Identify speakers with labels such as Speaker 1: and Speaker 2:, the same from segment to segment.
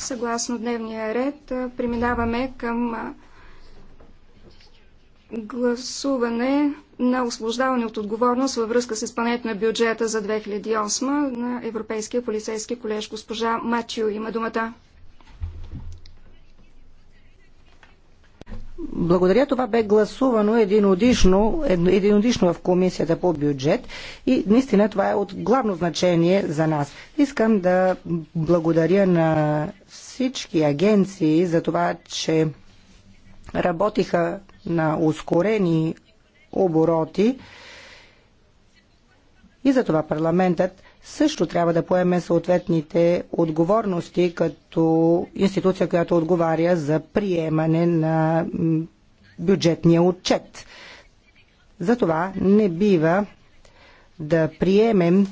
Speaker 1: Съгласно дневния ред, преминаваме към гласуване на освобождаване от отговорност във връзка с изпълнението на бюджета за 2008 на Европейския полицейски колеж. Госпожа Матио има думата.
Speaker 2: благодаря. Това бе гласувано единодишно, единодишно в комисията по бюджет и наистина това е от главно значение за нас. Искам да благодаря на всички агенции за това, че работиха на ускорени обороти и за това парламентът също трябва да поеме съответните отговорности като институция, която отговаря за приемане на бюджетния отчет. Затова не бива да приемем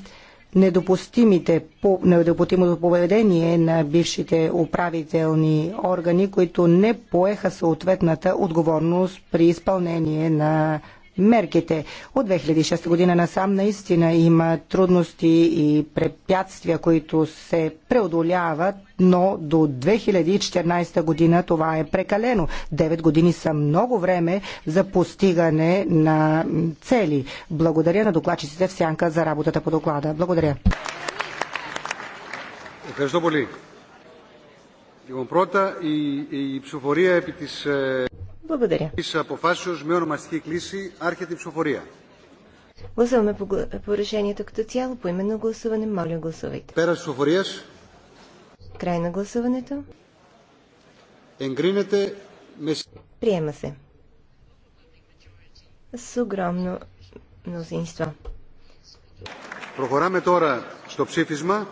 Speaker 2: недопустимите, недопустимото поведение на бившите управителни органи, които не поеха съответната отговорност при изпълнение на мерките. От 2006 година насам наистина има трудности и препятствия, които се преодоляват, но до 2014 година това е прекалено. 9 години са много време за постигане на цели. Благодаря на докладчиците в Сянка за работата по доклада. Благодаря.
Speaker 3: Ευχαριστώ πολύ. Λοιπόν, πρώτα η, η επί της...
Speaker 2: Благодаря.
Speaker 4: Гласуваме по, по решението като цяло, по именно гласуване. Моля, гласувайте. Край на гласуването. Приема се. С огромно мнозинство.
Speaker 3: 2.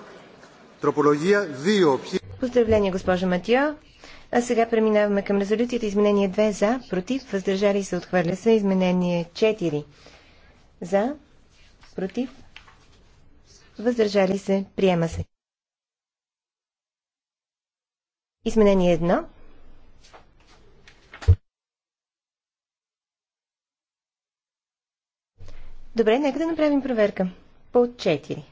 Speaker 4: Поздравление, госпожа Матио. А сега преминаваме към резолюцията. Изменение 2 за, против, въздържали се, отхвърля се. Изменение 4 за, против, въздържали се, приема се. Изменение 1 Добре, нека да направим проверка. По 4.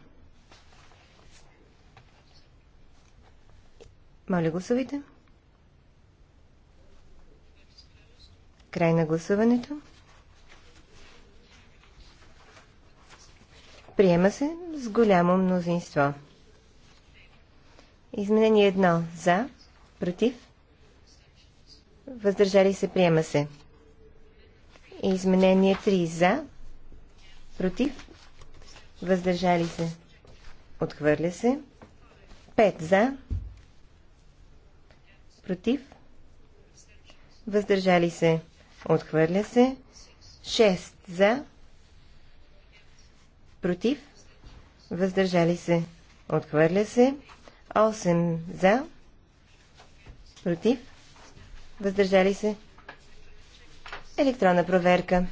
Speaker 4: Моля, гласувайте. Край на гласуването. Приема се с голямо мнозинство. Изменение 1. За. Против. Въздържали се. Приема се. Изменение 3. За. Против. Въздържали се. Отхвърля се. 5. За. Против. Въздържали се. Отхвърля се. 6 за. Против. Въздържали се. Отхвърля се. 8 за. Против. Въздържали се. Електронна проверка.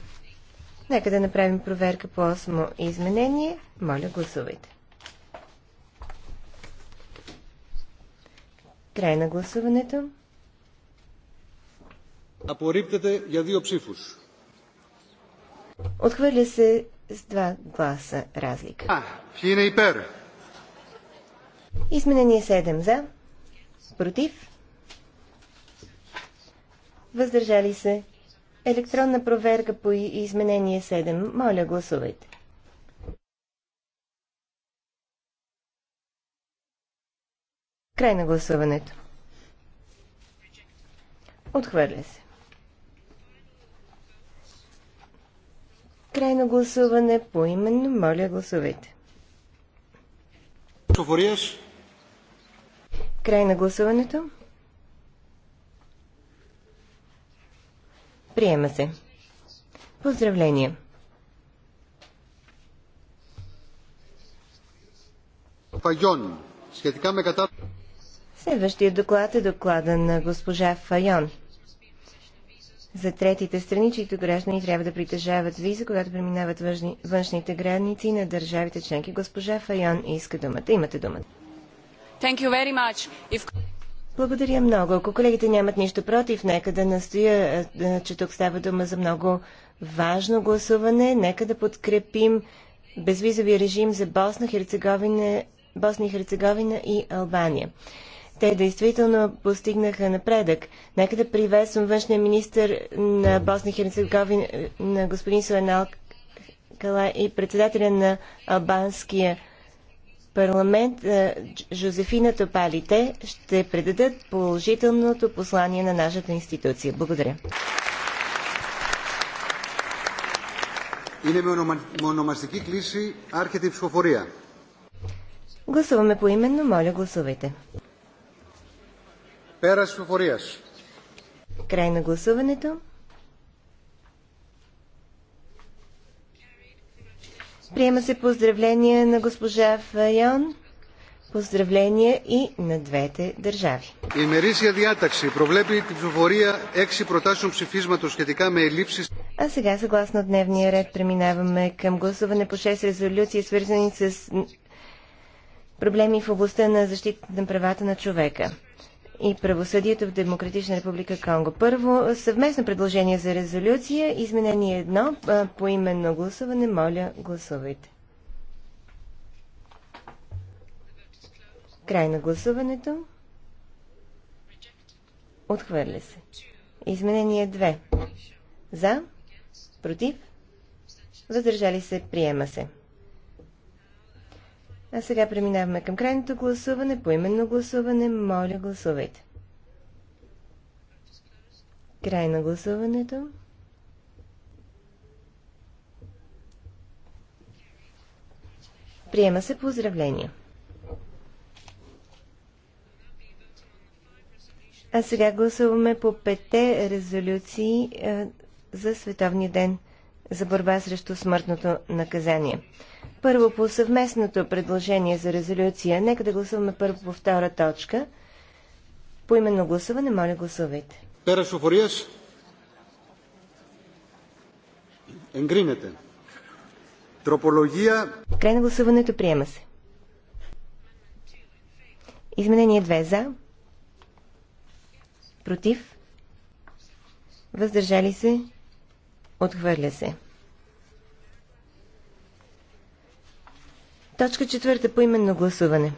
Speaker 4: Нека да направим проверка по 8 изменение. Моля, гласувайте. Край на гласуването.
Speaker 3: Απορρίπτεται για δύο ψήφους.
Speaker 4: Отхвърля се с два гласа разлика.
Speaker 3: А, хина и
Speaker 4: Изменение 7 за. Против. Въздържали се. Електронна проверка по изменение 7. Моля, гласувайте. Край на гласуването. Отхвърля се. Крайно гласуване по именно. Моля, гласувайте.
Speaker 3: Софориеш.
Speaker 4: Край на гласуването. Приема
Speaker 3: се. Поздравления. Файон.
Speaker 4: Следващия доклад е доклада на госпожа Файон за третите страни, чието граждани трябва да притежават виза, когато преминават външни, външните граници на държавите членки. Госпожа Файон иска думата. Имате думата.
Speaker 1: Thank you very much. If...
Speaker 4: Благодаря много. Ако колегите нямат нищо против, нека да настоя, е, е, че тук става дума за много важно гласуване. Нека да подкрепим безвизови режим за Босна, Херцеговина, Босна и Херцеговина и Албания. Те действително постигнаха напредък. Нека да приветствам външния министр на Босна и Херцеговина, на господин Суенал Кала и председателя на албанския парламент Жозефина Топалите ще предадат положителното послание на нашата институция. Благодаря.
Speaker 3: Είναι με ονομαστική κλίση άρχεται η ψηφοφορία.
Speaker 4: Гласуваме поименно, моля гласувайте.
Speaker 3: Πέρας ψηφοφορίας.
Speaker 4: Край на гласуването. Приема се поздравления на госпожа Файон. Поздравления и на двете държави.
Speaker 3: Η ημερήσια διάταξη προβλέπει την ψηφοφορία έξι προτάσεων ψηφίσματος σχετικά με ελλείψεις.
Speaker 4: А сега, съгласно дневния ред, преминаваме към гласуване по 6 резолюции, свързани с проблеми в областта на защита на правата на човека и правосъдието в Демократична република Конго. Първо, съвместно предложение за резолюция, изменение едно, по именно гласуване, моля, гласувайте. Край на гласуването. Отхвърля се. Изменение 2. За. Против. Въздържали се. Приема се. А сега преминаваме към крайното гласуване, поименно гласуване. Моля, гласувайте. Край на гласуването. Приема се поздравления. А сега гласуваме по пете резолюции за Световния ден за борба срещу смъртното наказание. Първо по съвместното предложение за резолюция. Нека да гласуваме първо по втора точка. По именно гласуване, моля гласувайте.
Speaker 3: Пера Софориас. Εγκρίνεται.
Speaker 4: Край на гласуването приема се. Изменение 2 за. Против. Въздържали се. Отхвърля се. Точка четвърта по именно гласуване.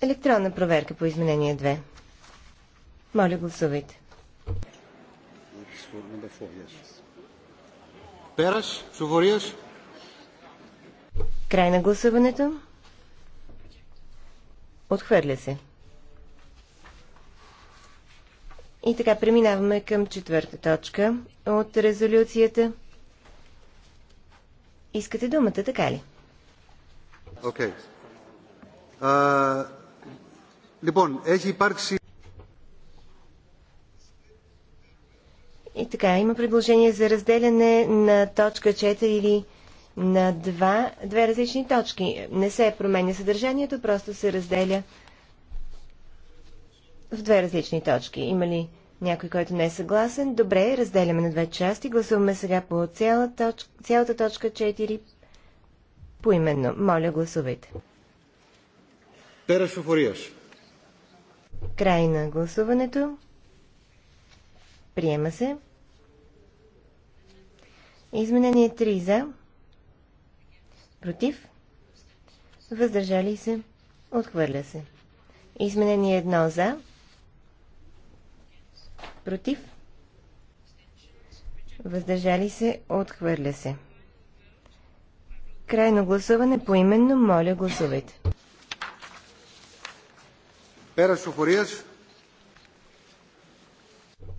Speaker 4: Електронна проверка по изменение 2. Моля, гласувайте.
Speaker 3: Пераш? Σουβορίας.
Speaker 4: Край на гласуването. Отхвърля се. И така преминаваме към четвърта точка от резолюцията. Искате думата, така ли?
Speaker 3: Окей. Okay. Uh, λοιπόν, έχει
Speaker 4: И така, има предложение за разделяне на точка 4 или на два, две различни точки. Не се променя съдържанието, просто се разделя в две различни точки. Има ли някой, който не е съгласен? Добре, разделяме на две части. Гласуваме сега по цяла точка, цялата точка 4 поименно. Моля, гласувайте.
Speaker 3: Перешофориаш.
Speaker 4: Край на гласуването. Приема се. Изменение 3 за. Против? Въздържали се? Отхвърля се. Изменение едно за. Против? Въздържали се? Отхвърля се. Крайно гласуване по именно моля гласувайте.
Speaker 3: Пера Сухориев.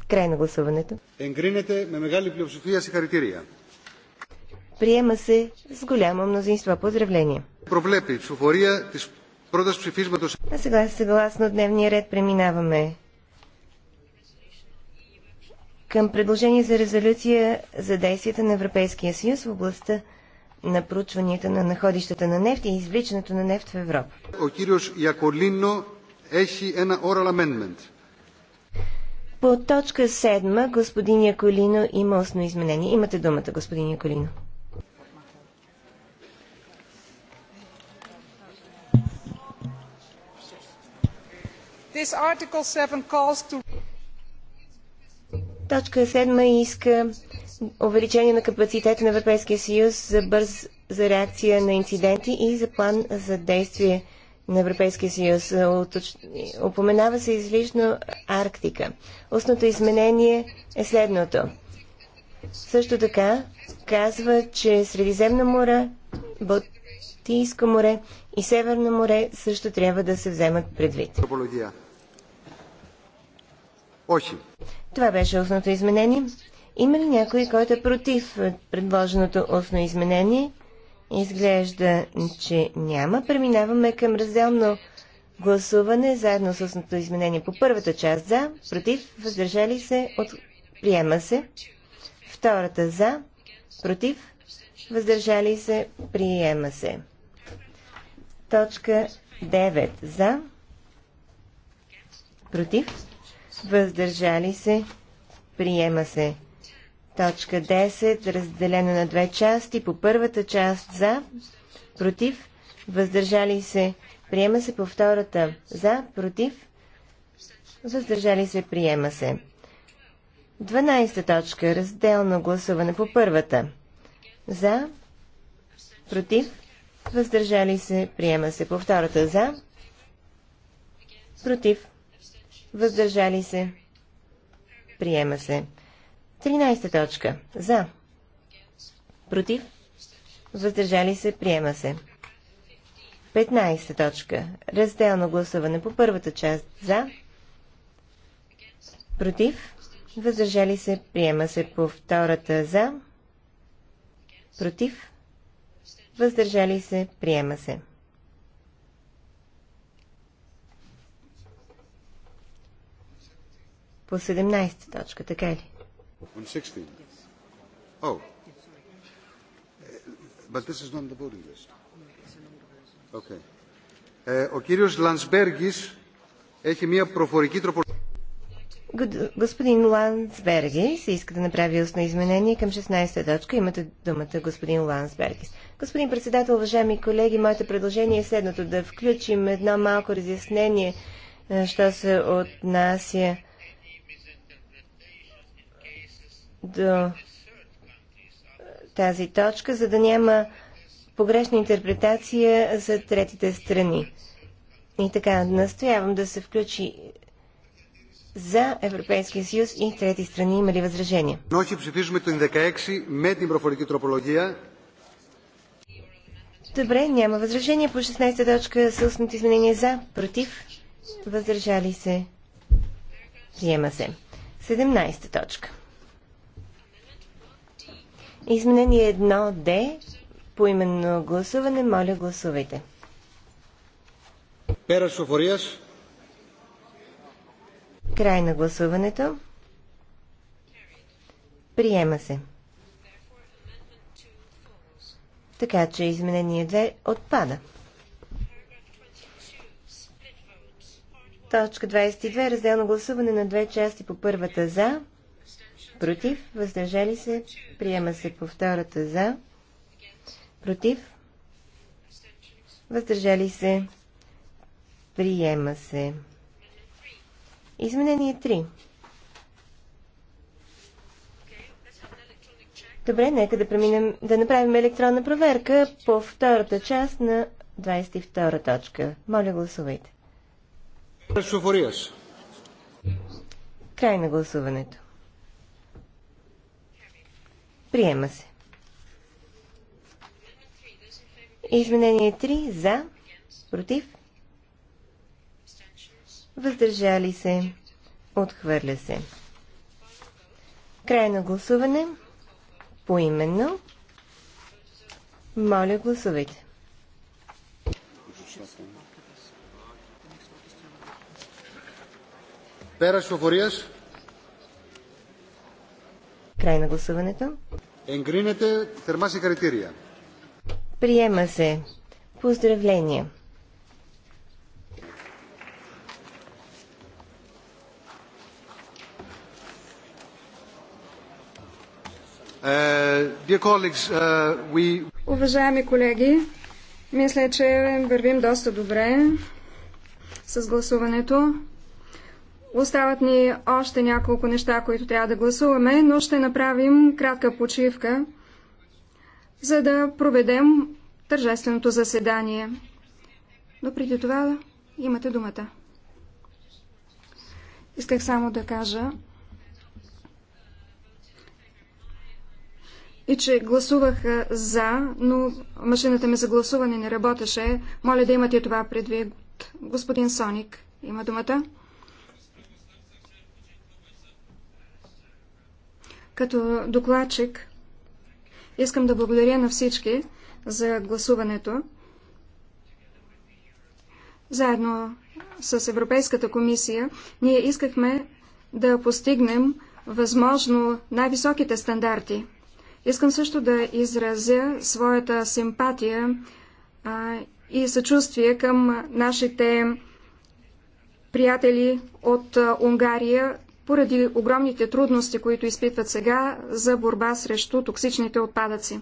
Speaker 4: Крайно гласуването.
Speaker 3: гласуването. ме мегали плюсофия си харитирия.
Speaker 4: Приема се с голямо мнозинство. Поздравление!
Speaker 3: Проблепи, тис... продаж псифизмато...
Speaker 4: А сега съгласно дневния ред преминаваме към предложение за резолюция за действията на Европейския съюз в областта на проучванията на находищата на нефт и извличането на нефт в Европа.
Speaker 3: Ο κύριος Ιακολίνο έχει ένα oral
Speaker 4: По точка 7 господин Яколино има основно изменение. Имате думата, господин Яколино.
Speaker 1: This Article 7 calls to... Точка
Speaker 4: 7 иска увеличение на капацитета на Европейския съюз за бърз за реакция на инциденти и за план за действие на Европейския съюз. Опоменава се излишно Арктика. Устното изменение е следното. Също така казва, че Средиземно море, Балтийско море и Северно море също трябва да се вземат предвид. 8. Това беше устното изменение. Има ли някой, който е против предложеното устно изменение? Изглежда, че няма. Преминаваме към разделно гласуване заедно с устното изменение по първата част за, против, въздържали се, от... приема се. Втората за, против, въздържали се, приема се. Точка 9 за, против, въздържали се, приема се. Точка 10, разделено на две части, по първата част за, против, въздържали се, приема се по втората за, против, въздържали се, приема се. 12 точка, разделно гласуване по първата. За, против, въздържали се, приема се по втората за, против, въздържали се, приема се. 13 точка. За. Против. Въздържали се, приема се. 15 точка. Разделно гласуване по първата част. За. Против. Въздържали се, приема се по втората. За. Против. Въздържали се, приема се. по 17 точка, така ли?
Speaker 3: Oh. Uh, ο κύριος Λανσμπέργης έχει μία προφορική τροπο...
Speaker 4: Господин Лансбергис иска да направи устно изменение към 16-та точка. Имате думата, господин Лансбергис. Господин председател, уважаеми колеги, моето предложение е следното да включим едно малко разяснение, е, що се отнася до тази точка, за да няма погрешна интерпретация за третите страни. И така, настоявам да се включи за Европейския съюз и трети страни. Има ли възражения?
Speaker 3: Ночи ψηφίζουμε την 16 με την προφορική τροπολογία.
Speaker 4: Добре, няма възражения. По 16 точка са устните изменения за, против, въздържали се. Приема се. 17 точка. Изменение 1D по именно гласуване. Моля, гласувайте. Край на гласуването. Приема се. Така че изменение 2 отпада. Точка 22. Разделно гласуване на две части по първата за, против, въздържали се, приема се по втората за, против, въздържали се, приема се. Изменение 3. Добре, нека да преминем, да направим електронна проверка по втората част на 22 точка. Моля, гласувайте. Край на гласуването. Приема се. Изменение 3. За. Против. Въздържали се. Отхвърля се. Край на гласуване. Поименно. Моля,
Speaker 3: гласувайте. Пера Шофориеш.
Speaker 4: Край на гласуването.
Speaker 3: Εγκρίνεται. Θερμά συγχαρητήρια.
Speaker 4: Приема се. Поздравления.
Speaker 3: Uh, uh,
Speaker 1: Уважаеми колеги, мисля, че вървим доста добре с гласуването. Остават ни още няколко неща, които трябва да гласуваме, но ще направим кратка почивка, за да проведем тържественото заседание. Но преди това имате думата. Исках само да кажа и че гласувах за, но машината ми за гласуване не работеше. Моля да имате това предвид. Господин Соник има думата. Като докладчик искам да благодаря на всички за гласуването. Заедно с Европейската комисия ние искахме да постигнем възможно най-високите стандарти. Искам също да изразя своята симпатия а, и съчувствие към нашите приятели от Унгария, поради огромните трудности, които изпитват сега за борба срещу токсичните отпадъци.